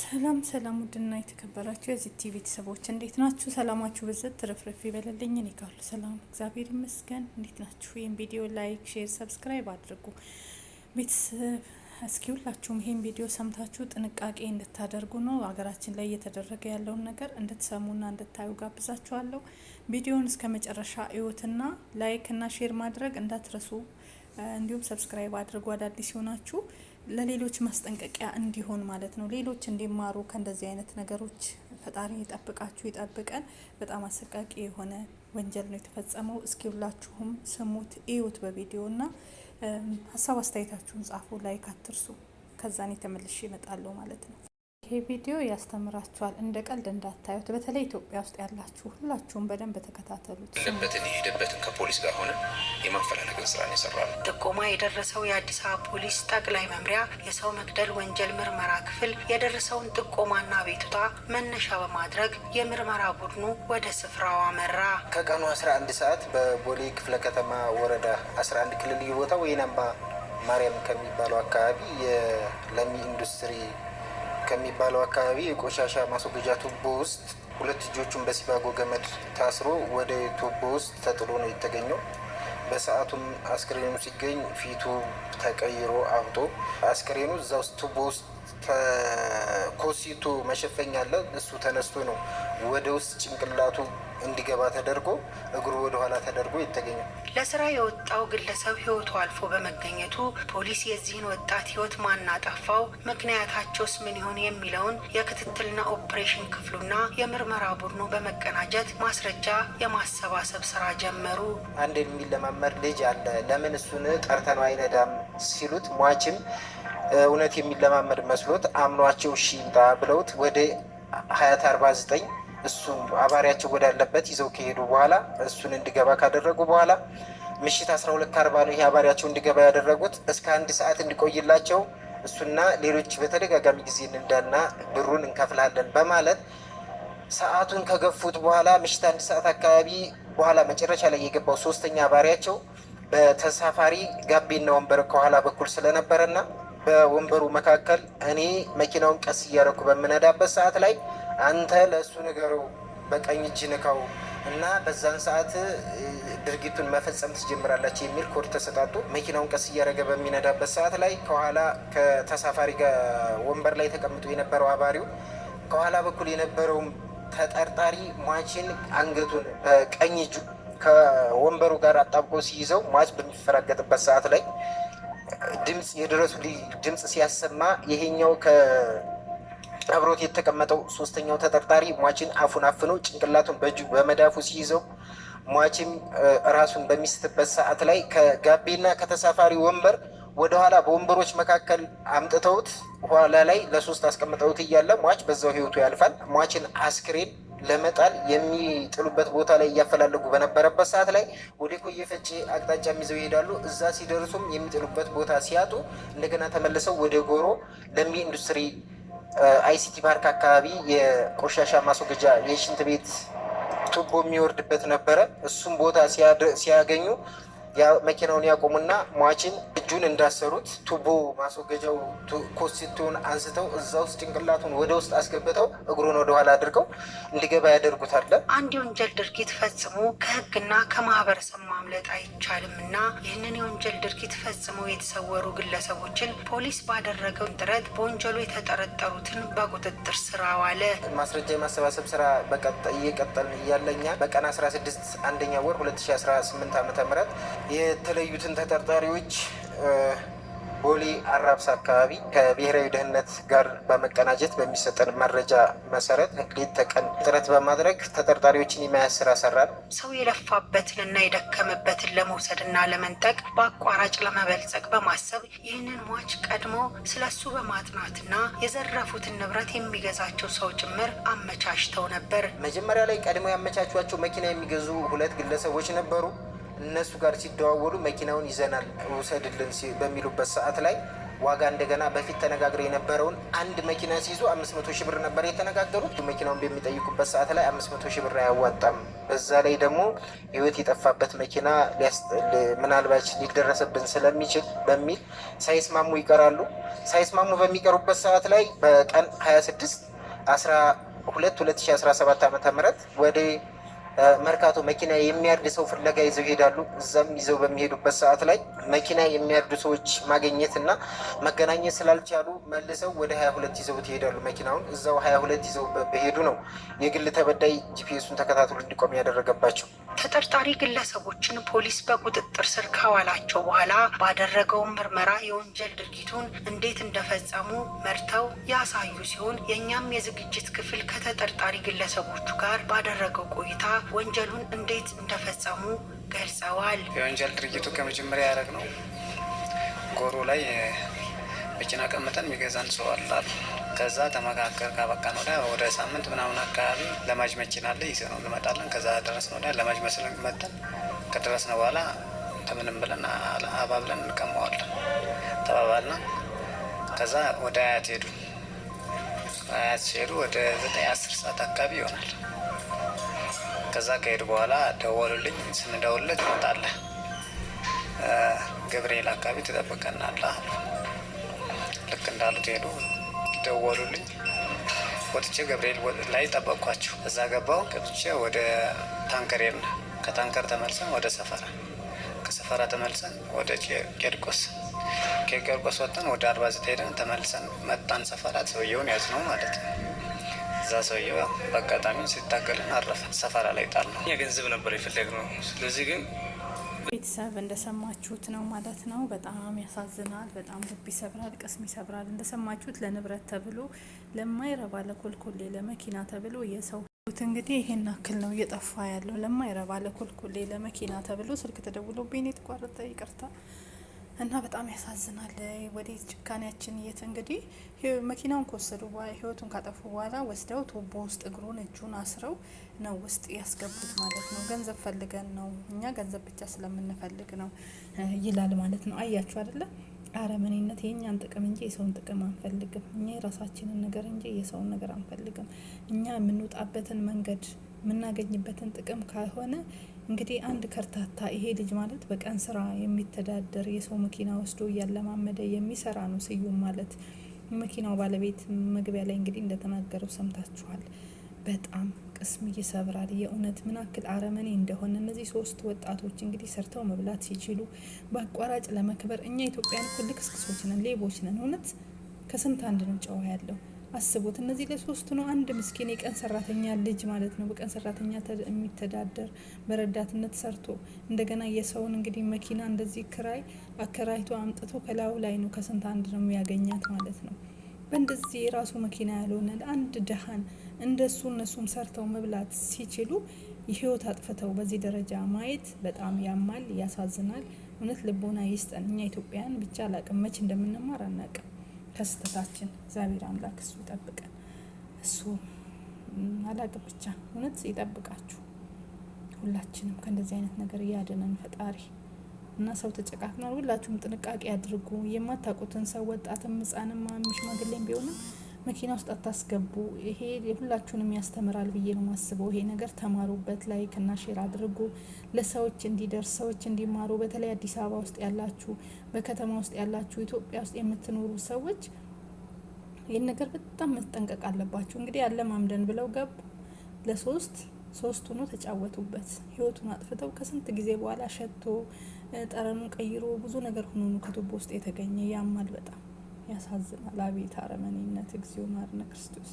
ሰላም ሰላም፣ ውድና የተከበራችሁ የዚህ ቲቪ ቤተሰቦች እንዴት ናችሁ? ሰላማችሁ ብዝት ትርፍርፍ ይበለልኝ። እኔ ጋር ሰላም እግዚአብሔር ይመስገን። እንዴት ናችሁ? ይህን ቪዲዮ ላይክ፣ ሼር፣ ሰብስክራይብ አድርጉ ቤተሰብ። እስኪ ሁላችሁም ይህን ቪዲዮ ሰምታችሁ ጥንቃቄ እንድታደርጉ ነው ሀገራችን ላይ እየተደረገ ያለውን ነገር እንድትሰሙና እንድታዩ ጋብዛችኋለሁ። ቪዲዮውን እስከ መጨረሻ እዩትና ላይክ እና ሼር ማድረግ እንዳትረሱ፣ እንዲሁም ሰብስክራይብ አድርጉ አዳዲስ ይሆናችሁ ለሌሎች ማስጠንቀቂያ እንዲሆን ማለት ነው። ሌሎች እንዲማሩ ከእንደዚህ አይነት ነገሮች ፈጣሪ ይጠብቃችሁ ይጠብቀን። በጣም አሰቃቂ የሆነ ወንጀል ነው የተፈጸመው። እስኪ ሁላችሁም ስሙት፣ እዩት በቪዲዮ እና ሀሳብ አስተያየታችሁን ጻፉ፣ ላይክ አትርሱ። ከዛኔ ተመልሼ እመጣለሁ ማለት ነው። ይሄ ቪዲዮ ያስተምራችኋል፣ እንደ ቀልድ እንዳታዩት። በተለይ ኢትዮጵያ ውስጥ ያላችሁ ሁላችሁም በደንብ ተከታተሉት። ለበትን የሄደበትን ከፖሊስ ጋር ሆነ የማፈላለግን ስራ የሰራል። ጥቆማ የደረሰው የአዲስ አበባ ፖሊስ ጠቅላይ መምሪያ የሰው መግደል ወንጀል ምርመራ ክፍል የደረሰውን ጥቆማና ቤቱታ መነሻ በማድረግ የምርመራ ቡድኑ ወደ ስፍራው አመራ። ከቀኑ 11 ሰዓት በቦሌ ክፍለ ከተማ ወረዳ 11 ክልል ቦታ ወይን ማርያም ከሚባለው አካባቢ የለሚ ኢንዱስትሪ ከሚባለው አካባቢ የቆሻሻ ማስወገጃ ቱቦ ውስጥ ሁለት እጆቹን በሲባጎ ገመድ ታስሮ ወደ ቱቦ ውስጥ ተጥሎ ነው የተገኘው። በሰዓቱም አስክሬኑ ሲገኝ ፊቱ ተቀይሮ አብጦ አስክሬኑ እዛ ውስጥ ቱቦ ውስጥ ተኮሲቶ መሸፈኛ አለ። እሱ ተነስቶ ነው ወደ ውስጥ ጭንቅላቱ እንዲገባ ተደርጎ እግሩ ወደኋላ ተደርጎ ይተገኛል። ለስራ የወጣው ግለሰብ ህይወቱ አልፎ በመገኘቱ ፖሊስ የዚህን ወጣት ህይወት ማናጠፋው ምክንያታቸውስ ምን ይሆን የሚለውን የክትትልና ኦፕሬሽን ክፍሉና የምርመራ ቡድኑ በመቀናጀት ማስረጃ የማሰባሰብ ስራ ጀመሩ። አንድ የሚለማመድ ልጅ አለ። ለምን እሱን ጠርተነው አይነዳም ሲሉት ሟችም እውነት የሚለማመድ መስሎት አምኗቸው ሺ ብለውት ወደ ሀያት አርባ ዘጠኝ እሱ አባሪያቸው ወዳለበት ይዘው ከሄዱ በኋላ እሱን እንዲገባ ካደረጉ በኋላ ምሽት ሁለት አርባ ነው ይሄ አባሪያቸው እንዲገባ ያደረጉት። እስከ አንድ ሰዓት እንዲቆይላቸው እሱና ሌሎች በተደጋጋሚ ጊዜ እንዳና ብሩን እንከፍላለን በማለት ሰዓቱን ከገፉት በኋላ ምሽት አንድ ሰዓት አካባቢ በኋላ መጨረሻ ላይ የገባው ሶስተኛ አባሪያቸው በተሳፋሪ ጋቢና ወንበር ከኋላ በኩል ስለነበረና በወንበሩ መካከል እኔ መኪናውን ቀስ እያደረኩ በምነዳበት ሰዓት ላይ አንተ ለእሱ ንገረው፣ በቀኝ እጅ ንካው እና በዛን ሰዓት ድርጊቱን መፈጸም ትጀምራላችሁ የሚል ኮድ ተሰጣጡ። መኪናውን ቀስ እያደረገ በሚነዳበት ሰዓት ላይ ከኋላ ከተሳፋሪ ጋር ወንበር ላይ ተቀምጦ የነበረው አባሪው ከኋላ በኩል የነበረውም ተጠርጣሪ ሟችን አንገቱን በቀኝ እጁ ከወንበሩ ጋር አጣብቆ ሲይዘው ሟች በሚፈራገጥበት ሰዓት ላይ ድምፅ የድረሱ ድምፅ ሲያሰማ ይሄኛው አብሮት የተቀመጠው ሶስተኛው ተጠርጣሪ ሟችን አፉን አፍኖ ጭንቅላቱን በእጁ በመዳፉ ሲይዘው ሟችም ራሱን በሚስትበት ሰዓት ላይ ከጋቢና ከተሳፋሪ ወንበር ወደኋላ በወንበሮች መካከል አምጥተውት ኋላ ላይ ለሶስት አስቀምጠውት እያለ ሟች በዛው ህይወቱ ያልፋል። ሟችን አስክሬን ለመጣል የሚጥሉበት ቦታ ላይ እያፈላለጉ በነበረበት ሰዓት ላይ ወደ ኮየ አቅጣጫ ይዘው ይሄዳሉ። እዛ ሲደርሱም የሚጥሉበት ቦታ ሲያጡ እንደገና ተመልሰው ወደ ጎሮ ለሚ ኢንዱስትሪ አይሲቲ ፓርክ አካባቢ የቆሻሻ ማስወገጃ የሽንት ቤት ቱቦ የሚወርድበት ነበረ። እሱም ቦታ ሲያገኙ መኪናውን ያቆሙና ሟችን እጁን እንዳሰሩት ቱቦ ማስወገጃው ኮሲቱን አንስተው እዛ ውስጥ ጭንቅላቱን ወደ ውስጥ አስገብተው እግሩን ወደኋላ አድርገው እንዲገባ ያደርጉታል። አንድ የወንጀል ድርጊት ፈጽሞ ከህግና ከማህበረሰብ ማምለጥ አይቻልም እና ይህንን የወንጀል ድርጊት ፈጽመው የተሰወሩ ግለሰቦችን ፖሊስ ባደረገው ጥረት በወንጀሉ የተጠረጠሩትን በቁጥጥር ስራ ዋለ። ማስረጃ የማሰባሰብ ስራ እየቀጠል እያለኛ በቀን 16 አንደኛ ወር 2018 ዓ ም የተለዩትን ተጠርጣሪዎች ቦሌ አራብሳ አካባቢ ከብሔራዊ ደህንነት ጋር በመቀናጀት በሚሰጠን መረጃ መሰረት ሌት ተቀን ጥረት በማድረግ ተጠርጣሪዎችን የመያዝ ስራ ሰራል። ሰው የለፋበትን እና የደከመበትን ለመውሰድ እና ለመንጠቅ በአቋራጭ ለመበልጸግ በማሰብ ይህንን ሟች ቀድሞ ስለሱ በማጥናትና የዘረፉትን ንብረት የሚገዛቸው ሰው ጭምር አመቻችተው ነበር። መጀመሪያ ላይ ቀድሞ ያመቻቿቸው መኪና የሚገዙ ሁለት ግለሰቦች ነበሩ። እነሱ ጋር ሲደዋወሉ መኪናውን ይዘናል ውሰድልን በሚሉበት ሰዓት ላይ ዋጋ እንደገና በፊት ተነጋግረው የነበረውን አንድ መኪና ሲይዙ አምስት መቶ ሺህ ብር ነበር የተነጋገሩት። መኪናውን በሚጠይቁበት ሰዓት ላይ አምስት መቶ ሺህ ብር አያዋጣም። በዛ ላይ ደግሞ ህይወት የጠፋበት መኪና ምናልባች ሊደረስብን ስለሚችል በሚል ሳይስማሙ ይቀራሉ። ሳይስማሙ በሚቀሩበት ሰዓት ላይ በቀን 26 12 2017 ዓ ም ወደ መርካቶ መኪና የሚያርድ ሰው ፍለጋ ይዘው ይሄዳሉ። እዛም ይዘው በሚሄዱበት ሰዓት ላይ መኪና የሚያርዱ ሰዎች ማግኘት እና መገናኘት ስላልቻሉ መልሰው ወደ ሀያ ሁለት ይዘውት ይሄዳሉ። መኪናውን እዛው ሀያ ሁለት ይዘው በሄዱ ነው የግል ተበዳይ ጂፒኤሱን ተከታትሎ እንዲቆም ያደረገባቸው። ተጠርጣሪ ግለሰቦችን ፖሊስ በቁጥጥር ስር ካዋላቸው በኋላ ባደረገው ምርመራ የወንጀል ድርጊቱን እንዴት እንደፈጸሙ መርተው ያሳዩ ሲሆን የእኛም የዝግጅት ክፍል ከተጠርጣሪ ግለሰቦቹ ጋር ባደረገው ቆይታ ወንጀሉን እንዴት እንደፈጸሙ ገልጸዋል። የወንጀል ድርጊቱ ከመጀመሪያ ያደረግ ነው ጎሮ ላይ መኪና ቀምጠን የሚገዛን ሰው አላል። ከዛ ተመካከር ነው ወዲያ ወደ ሳምንት ምናምን አካባቢ ለማጅ መኪና አለ ይዘ ነው እንመጣለን። ከዛ ደረስን ወዲያ ለማጅ መስለን መጠን ነው በኋላ ተምንም ብለን አባ ብለን እንቀመዋለን ተባባልና ከዛ ወደ አያት ሄዱ። አያት ሲሄዱ ወደ ዘጠኝ አስር ሰዓት አካባቢ ይሆናል ከዛ ከሄድ በኋላ ደወሉልኝ። ስንደውልለት ይመጣለ ገብርኤል አካባቢ ትጠብቀናለህ። ልክ እንዳሉት ሄዱ፣ ደወሉልኝ። ወጥቼ ገብርኤል ላይ ጠበቅኳቸው። እዛ ገባው ገብቼ ወደ ታንከር ሄድን። ከታንከር ተመልሰን ወደ ሰፈራ፣ ከሰፈራ ተመልሰን ወደ ቄርቆስ፣ ከቄርቆስ ወጥተን ወደ አርባ ዘጠኝ ሄደን ተመልሰን መጣን። ሰፈራ ሰውየውን ያዝነው ማለት ነው። እዛ ሰውየው በአጋጣሚ ሲታገል አረፈ። ሰፈራ ላይ ጣል ነው። የገንዘብ ነበር የፈለግ ነው። ስለዚህ ግን ቤተሰብ እንደሰማችሁት ነው ማለት ነው። በጣም ያሳዝናል። በጣም ልብ ይሰብራል፣ ቅስም ይሰብራል። እንደሰማችሁት ለንብረት ተብሎ ለማይረባ ለኮልኮሌ ለመኪና ተብሎ የሰው ት እንግዲህ ይሄን አክል ነው እየጠፋ ያለው። ለማይረባ ለኮልኮሌ ለመኪና ተብሎ ስልክ ተደውሎብኝ የተቋረጠ ይቅርታ እና በጣም ያሳዝናል። ወደ ጭካኔያችን የት እንግዲህ መኪናውን ከወሰዱ በኋላ ህይወቱን ካጠፉ በኋላ ወስደው ቱቦ ውስጥ እግሩን እጁን አስረው ነው ውስጥ ያስገቡት ማለት ነው። ገንዘብ ፈልገን ነው እኛ ገንዘብ ብቻ ስለምንፈልግ ነው ይላል ማለት ነው። አያችሁ አይደለም አረመኔነት የእኛን ጥቅም እንጂ የሰውን ጥቅም አንፈልግም። እኛ የራሳችንን ነገር እንጂ የሰውን ነገር አንፈልግም። እኛ የምንወጣበትን መንገድ የምናገኝበትን ጥቅም ካልሆነ እንግዲህ አንድ ከርታታ ይሄ ልጅ ማለት በቀን ስራ የሚተዳደር የሰው መኪና ወስዶ እያለማመደ የሚሰራ ነው ስዩም ማለት። መኪናው ባለቤት መግቢያ ላይ እንግዲህ እንደተናገረው ሰምታችኋል። በጣም ቅስም ይሰብራል። የእውነት ምን ያክል አረመኔ እንደሆነ እነዚህ ሶስት ወጣቶች እንግዲህ ሰርተው መብላት ሲችሉ በአቋራጭ ለመክበር እኛ ኢትዮጵያን እኮ ልክስክሶች ነን፣ ሌቦች ነን። እውነት ከስንት አንድ ነው ጨዋ ያለው አስቡት። እነዚህ ለሶስቱ ነው። አንድ ምስኪን የቀን ሰራተኛ ልጅ ማለት ነው። በቀን ሰራተኛ የሚተዳደር በረዳትነት ሰርቶ እንደገና የሰውን እንግዲህ መኪና እንደዚህ ክራይ አከራይቶ አምጥቶ ከላዩ ላይ ነው ከስንት አንድ ነው የሚያገኛት ማለት ነው። በእንደዚህ የራሱ መኪና ያልሆነ አንድ ድሃን እንደሱ እነሱም ሰርተው መብላት ሲችሉ ህይወት አጥፍተው በዚህ ደረጃ ማየት በጣም ያማል፣ ያሳዝናል። እውነት ልቦና ይስጠን። እኛ ኢትዮጵያን ብቻ አላቅም፣ መች እንደምንማር አናቅም። ከስተታችን እግዚአብሔር አምላክ እሱ ይጠብቀን። እሱ አላቅ ብቻ እውነት ይጠብቃችሁ። ሁላችንም ከእንደዚህ አይነት ነገር እያደነን ፈጣሪ እና ሰው ተጨቃቅኗል። ሁላችሁም ጥንቃቄ አድርጉ። የማታውቁትን ሰው ወጣትም፣ ህጻንም፣ ሽማግሌም ቢሆንም መኪና ውስጥ አታስገቡ። ይሄ የሁላችሁንም ያስተምራል ብዬ ነው ማስበው። ይሄ ነገር ተማሩበት። ላይክ እና ሼር አድርጉ ለሰዎች እንዲደርስ ሰዎች እንዲማሩ። በተለይ አዲስ አበባ ውስጥ ያላችሁ፣ በከተማ ውስጥ ያላችሁ፣ ኢትዮጵያ ውስጥ የምትኖሩ ሰዎች ይህን ነገር በጣም መጠንቀቅ አለባችሁ። እንግዲህ ማምደን ብለው ገቡ ለሶስት ሶስት ሆኖ ተጫወቱበት። ህይወቱን አጥፍተው ከስንት ጊዜ በኋላ ሸቶ ጠረኑን ቀይሮ ብዙ ነገር ሆኖ ከቱቦ ውስጥ የተገኘ ያማል በጣም ያሳዝናል። አቤት አረመኔነት! እግዚኦ መሐረነ ክርስቶስ